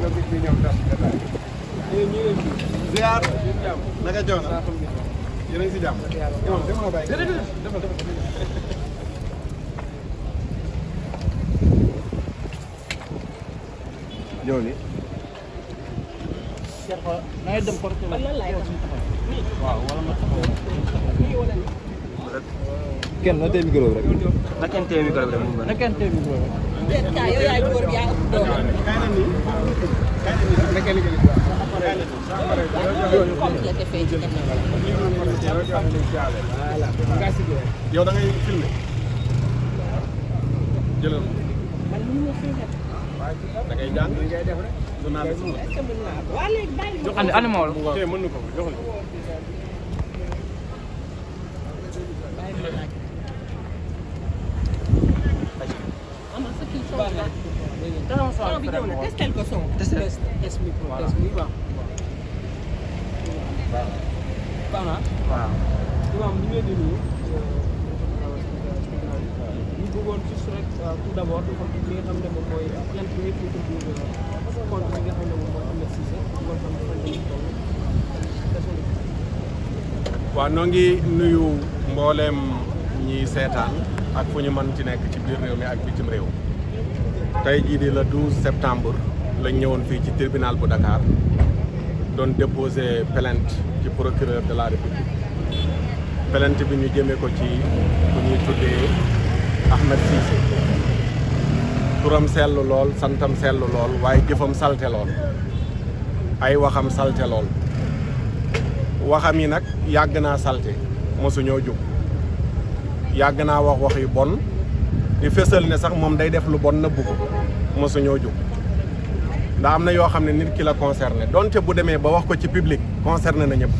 nga bis bi ñëw tas gataay ziar a ngi si jàmm imam dama bàyyi kenn na tey micro bi rek. na kenn tey micro bi rek. na kenn tey micro bi rek. yow yaay góor gi yaa ëpp doole. yow da ngay filmé jëlal da ngay jàng li ngay def rek. jox na ko quelque son. test test micro waaw. noo ngi nuyu mbooleem ñi seetaan ak fu ñu mën ci nekk ci biir réew mi ak bitim réew. tey jii di le lañ ñëwoon fii ci tribunal bu Dakar doon déposé plainte ci procureur de la République plainte bi ñu jëmee ko ci ku ñuy tuddee Ahmed Cissé turam sellu lool santam sellu lool waaye jëfam salte lool ay waxam salte lool waxam yi nag yàgg naa salte mosuñoo jóg yàgg naa wax wax yu bon di fésal ne sax moom day def lu bon nëbbu ko mosuñoo jóg daa am na yoo xam ne nit ki la concerné donte bu demee ba wax ko ci public concerné na ñëpp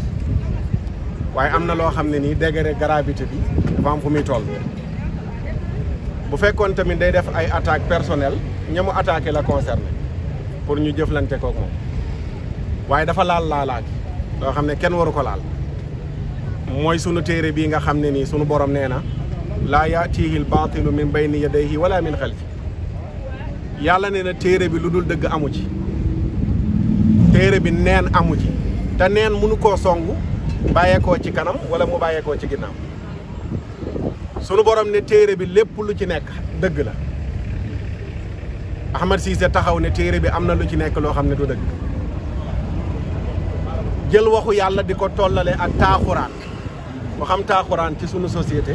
waaye am na loo xam ne nii degré gravité bi dafa fu muy toll bu fekkoon tamit day def ay attaque personnelle ña mu attaqué la concerné pour ñu jëflante kook moom waaye dafa laal laalaaj loo xam ne kenn waru ko laal mooy sunu téere bii nga xam ne nii sunu borom nee na laa yaatihi l baatilu min bayni yadayhi wala min xalfi yàlla ne na téere bi lu dul dëgg amu ci téere bi neen amu ci te neen mënu koo songu bàyyeekoo ci kanam wala mu bàyyeekoo ci ginnaaw sunu borom ne téere bi lépp lu ci nekk dëgg la Ahmed Cissé taxaw ne téere bi am na lu ci nekk loo xam ne du dëgg jël waxu yàlla di ko tollale ak taaxuraan ko xam taaxuraan ci sunu société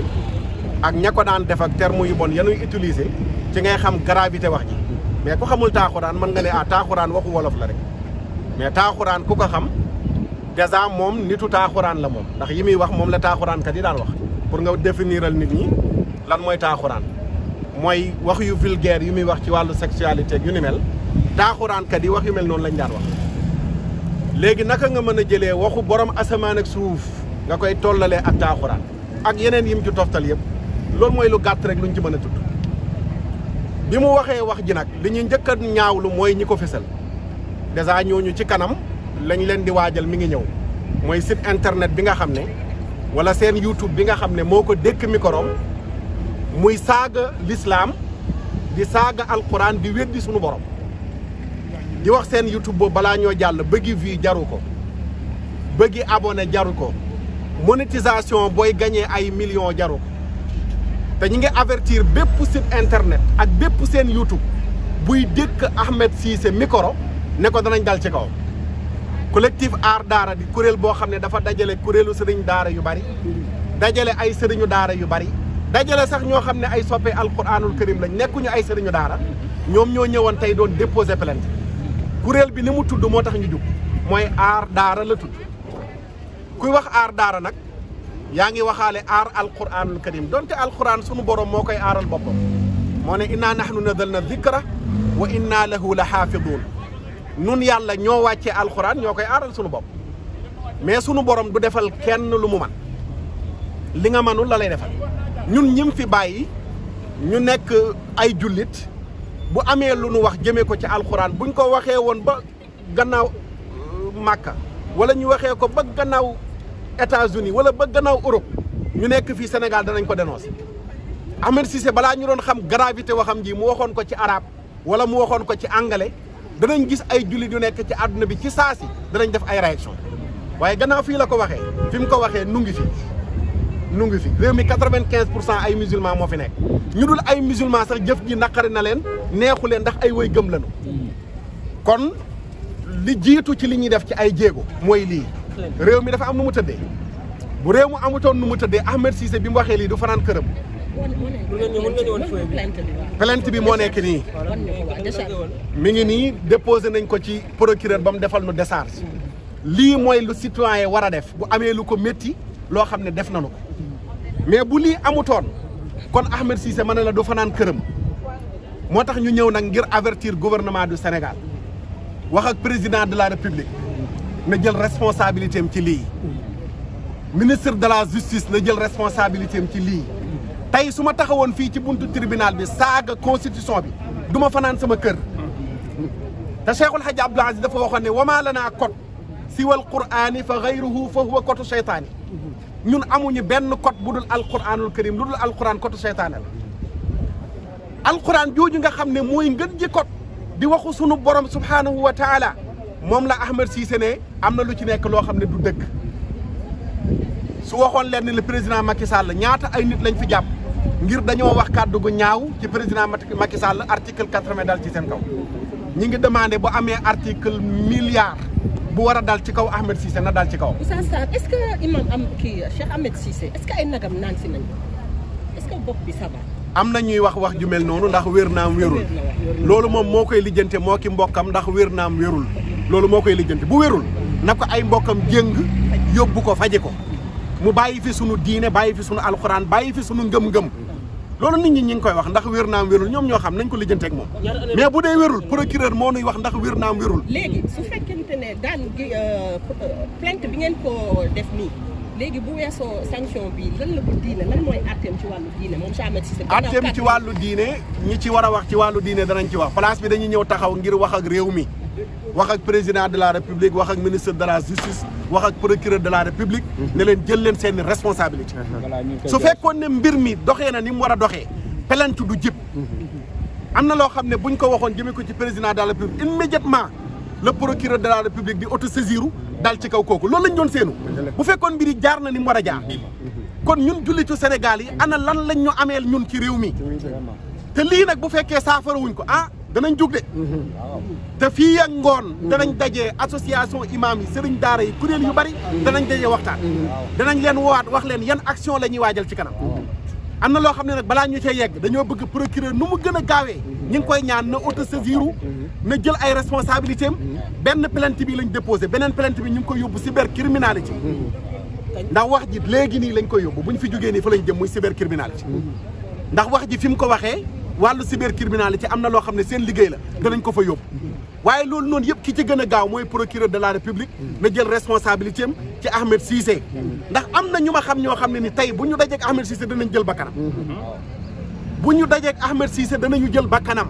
ak ña ko daan def ak terme yu bon yanuy utiliser ci ngay xam gravité wax ji mais ku xamul taaxuraan mën nga ne ah taaxuraan waxu wolof la rek mais taaxuraan ku ko xam dèjà moom nitu taaxuraan la moom ndax yi muy wax moom la taaxuraan kat yi daan wax pour nga définiral nit ñi lan mooy taaxuraan mooy wax yu vulgaire yu muy wax ci wàllu sexualité ak yu ni mel taaxuraan kat yi wax yu mel noonu lañ daan wax léegi naka nga mën a jëlee waxu borom asamaan ak suuf nga koy tollalee ak taaxuraan ak yeneen yim ci toftal yëpp loolu mooy lu gàtt rek luñ ci mën a tudd bi mu waxee wax ji nag li ñuy njëkk a ñaawlu mooy ñi ko fésal dèjà ñooñu ci kanam lañ leen di waajal mi ngi ñëw mooy site internet bi nga xam ne walla seen YouTube bi nga xam ne moo ko dékk mikorom muy saaga lislaam di saaga alquran di weddi suñu borom di wax seen YouTube boobu balaa ñoo jàll bëggi vie jaru ko bëggi abonné jaru ko monétisation booy gagné ay millions jaru ko te ñi ngi avertir bépp site internet ak bépp seen YouTube buy dékk Ahmed Cissé micro ne ko danañ dal ci kaw collectif aar daara di kuréel boo xam ne dafa dajale kuréelu sëriñ daara yu bari dajale ay sëriñu daara yu bari dajale sax ñoo xam ne ay soppe alquranul kërim lañ nekkuñu ay sëriñu daara ñoom ñoo ñëwoon tey doon déposé plainte kuréel bi ni mu tudd moo tax ñu jug mooy aar daara la tudd kuy wax aar daara nag yaa ngi waxaale aar alquranul karim donte alquran sunu borom moo koy aaral boppam moo ne inna nahnu nazalna zikra wa inna lahu la xaafiduun nun yàlla ñoo wàccee alquran ñoo koy aaral sunu bopp mais sunu borom du defal kenn lu mu man li nga mënul la lay defal ñun ñim fi bàyyi ñu nekk ay jullit bu amee lu nu wax jëmee ko ci alquran buñ ko waxee woon ba gannaaw euh, màkka wala ñu waxee ko ba gannaaw États-Unis wala ba gannaaw Europe ñu nekk fii Sénégal danañ ko dénoncer Ahmed Cissé balaa ñu doon xam gravité waxam ji mu waxoon ko ci araab wala mu waxoon ko ci anglais danañ gis ay jullit yu nekk ci àdduna bi ci saa si danañ def ay réaction waaye gannaaw fii la ko waxee fi mu ko waxee nu ngi fi nu ngi fi réew mi quatre vingt pour cent ay musulman moo fi nekk ñu dul ay musulman sax jëf ji naqari na leen neexu leen ndax ay woy gëm lañu kon li jiitu ci li ñuy def ci ay jéego mooy lii réew mi dafa am nu mu tëddee bu réew mu amutoon nu mu tëddee Ahmed Cissé bi mu waxee lii du fanaan këram. plainte bi moo nekk nii. mi ngi nii déposé nañ ko ci procureur ba mu defal nu décharge. lii mooy lu citoyen war a def bu amee lu ko métti loo xam ne def nañu ko mais bu lii amutoon kon Ahmed Cissé ma ne la du fanaan këram moo tax ñu ñëw nag ngir avertir gouvernement du Sénégal wax ak président de la République. na jël responsabilité am ci lii ministre de la justice na jël responsabilité am ci lii tey suma taxawoon fii ci buntu tribunal bi saaga constitution bi duma fanaan sama kër te Cheikhul Hadj Abdoul Aziz dafa waxoon ne wamaa lanaa code siwal quraani fa gayruhu fa huwa cotu seytaane ñun amuñu benn code bu dul alquranul karim lu dul alquran cotu seytaane la alquran jooju nga xam ne mooy ngën ji code di waxu sunu borom subhaanahu wa taala moom la Ahmed am na lu ci nekk loo xam ne du dëkk su waxoon leen ni le Macky Sall ñaata ay nit lañ fi jàpp ngir dañoo wax kàddu gu ñaaw ci président Macky Sall article quatre-vingt dal ci seen kaw. ñi ngi demandé bu amee article milliard bu war a dal ci kaw Ahmed na dal ci kaw. Oustaz Sarr est-ce que est-ce que ay nagam si nañ est que am na ñuy wax wax ju mel noonu ndax wér naam wérul loolu moom moo koy lijjante moo ki mbokkam ndax wér naam wérul loolu moo koy lijjante bu wérul. na ko ay mbokkam jëng yóbbu ko faje ko mu bàyyi fi sunu diine bàyyi fi sunu alxuraan bàyyi fi sunu ngëm-ngëm loolu nit ñi ñi ngi koy wax ndax wér naam wérul ñoom ñoo xam nañ ko lijjante ak moom mais bu dee wérul procureur moo nuy wax ndax wér naam wérul léegi su fekkente ne daan gi euh, plainte bi ngeen ko def nii léegi bu weesoo sanction bi la ko diine lan mooy atteem ci wàllu diine moom Ahmed Cissé ci wàllu diine ñi ci war a wax ci wàllu diine danañ ci wax place bi dañuy ñëw taxaw ngir wax ak réew mi wax ak président de la république wax ak ministre de la justice wax ak de la république. ne leen jëleen seeni seen responsabilité su fekkoon ne mbir mi doxee na ni mu war a doxee plainte du jëpp. am na loo xam ne buñ ko waxoon jëmee ko ci président de la république immédiatement le procureur de la république di autosaisiru dal ci kaw kooku loolu lañ doon seenu bu fekkoon mbir jaar na ni mu war a jaar. kon ñun jullitu Sénégal yi ana lan lañ ñu ameel ñun ci réew mi. te lii nag bu fekkee saafara ko ah. danañ jug de te fii ak ngoon danañ daje association imam yi sëriñ daara yi kuréel yu bari danañ daje waxtaan danañ leen woowaat wax leen yan action la ñuy waajal ci kanam am na loo xam ne nag balaa ñu cee yegg dañoo bëgg procureur nu mu gën a gaawee ñu ngi koy ñaan na autosaisir na jël ay responsabilité benn plainte bi lañ déposé beneen pelent bi ñu ngi koy yóbbu cybercriminalité ndax wax ji léegi nii lañ koy yóbbu bu ñu fi jógee nii fa lañ jëm muy cybercriminalité ndax wax ji fi mu ko waxee wàllu ci am na loo xam ne seen liggéey la danañ ko fa yóbbu waaye loolu noonu yëpp ki ci gën a gaaw mooy procureur de la république na jël responsabilité am ci Ahmed Cissé ndax am na ñu ma xam ñoo xam ne ni tey bu ñu dajeek Ahmed Cissé danañ jël bakkanam bu ñu dajeek Ahmed Cissé danañu jël bakkanam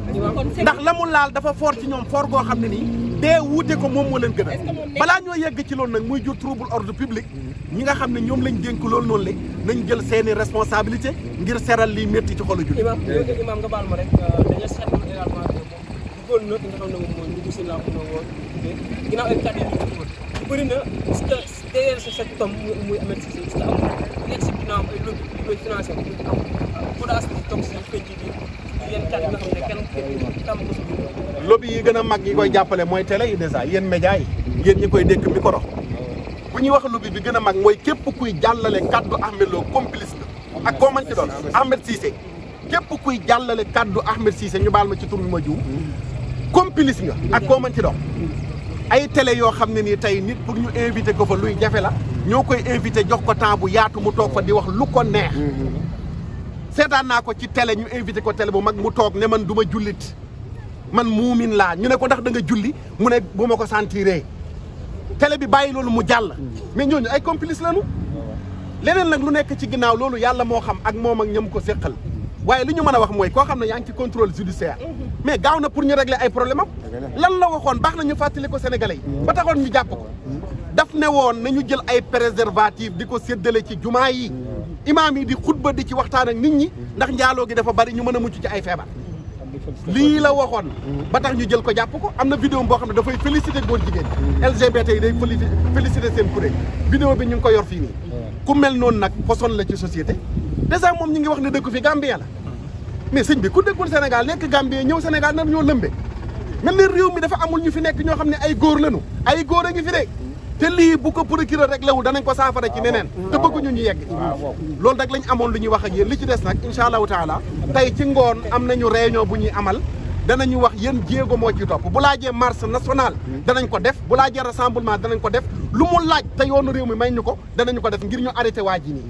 ndax la mu laal dafa foor ci ñoom foor goo xam ne nii dee wuute ko moom moo leen gën a balaa ñoo yegg ci loolu nag muy jur trouble ordre public ñi nga xam ne ñoom lañ dénk loolu noonu le nañ jël seeni responsabilité ngir seral liy métti ci xolu jullit. ma nga xam ne moom mooy ñu gis naa ko woon ginnaaw lobby yi gën a mag yi koy jàppale mooy tele yi dèjà yéen média yi yéen ñi koy dékk micro bu ñuy wax lobby bi gën a mag mooy képp kuy jàllale kàddu Ahmed Lo complice la ak koo man ci képp kuy jàllale kàddu Ahmed ñu baal ma ci tur ma jiw complice nga ak koo man ci doon ay télé yoo xam ne nii tey nit pour ñu invité ko fa luy jafe la ñoo koy invité jox ko temps bu yaatu mu toog fa di wax lu ko neex seetaan naa ko ci télé ñu invité ko tele bu mag mu toog ne man du ma jullit man muumin laa ñu ne ko ndax da nga julli mu ne bu ma ko sentiree tele bi bàyyi loolu mu jàll mais ñooñu ay complice lañu leneen nag lu nekk ci ginnaaw loolu yàlla moo xam ak moom ak ñam ko séqal waaye li ñu mën a wax mooy koo xam ne yaa ngi ci contrôle judiciaire mais gaaw na pour ñu régler ay problème lan la waxoon baax na ñu fàttali ko sénégalais yi ba taxoon ñu jàpp ko daf ne woon nañu jël ay préservatif di ko séddale ci jumaa yi imaam yi di xutba di ci waxtaan ak nit ñi ndax njaaloo gi dafa bari ñu mën a mucc ci ay feebar lii la waxoon ba tax ñu jël ko jàpp ko am na vidéo boo xam ne dafay félicité góor jigéen LGBT yi day félicité seen kuréel vidéo bi ñu ngi ko yor fii nii ku mel noonu nag façon la ci société dèjà moom ñu ngi wax ne dëkk fi Gambie la mais sëñ bi ku dëkkul Sénégal nekk Gambie ñëw Sénégal nar ñoo lëmbe mel ni réew mi dafa amul ñu fi nekk ñoo xam ne ay góor lañu ay góor a ngi fi de te lii bu ko procureur réglé wul danañ ko saafara ci neneen te bëgguñu ñu yegg loolu nag lañ amoon lu ñuy wax ak yéen li ci des nag incha allahu taala tey ci ngoon am nañu réunion bu ñuy amal ñu wax yéen jéego moo ci topp bu laajee marche nationale hmm. danañ ko def bu laajee rassemblement danañ ko def lu mu laaj te yoonu réew mi may ñu ko danañu ko def ngir ñu arrêté waa ji nii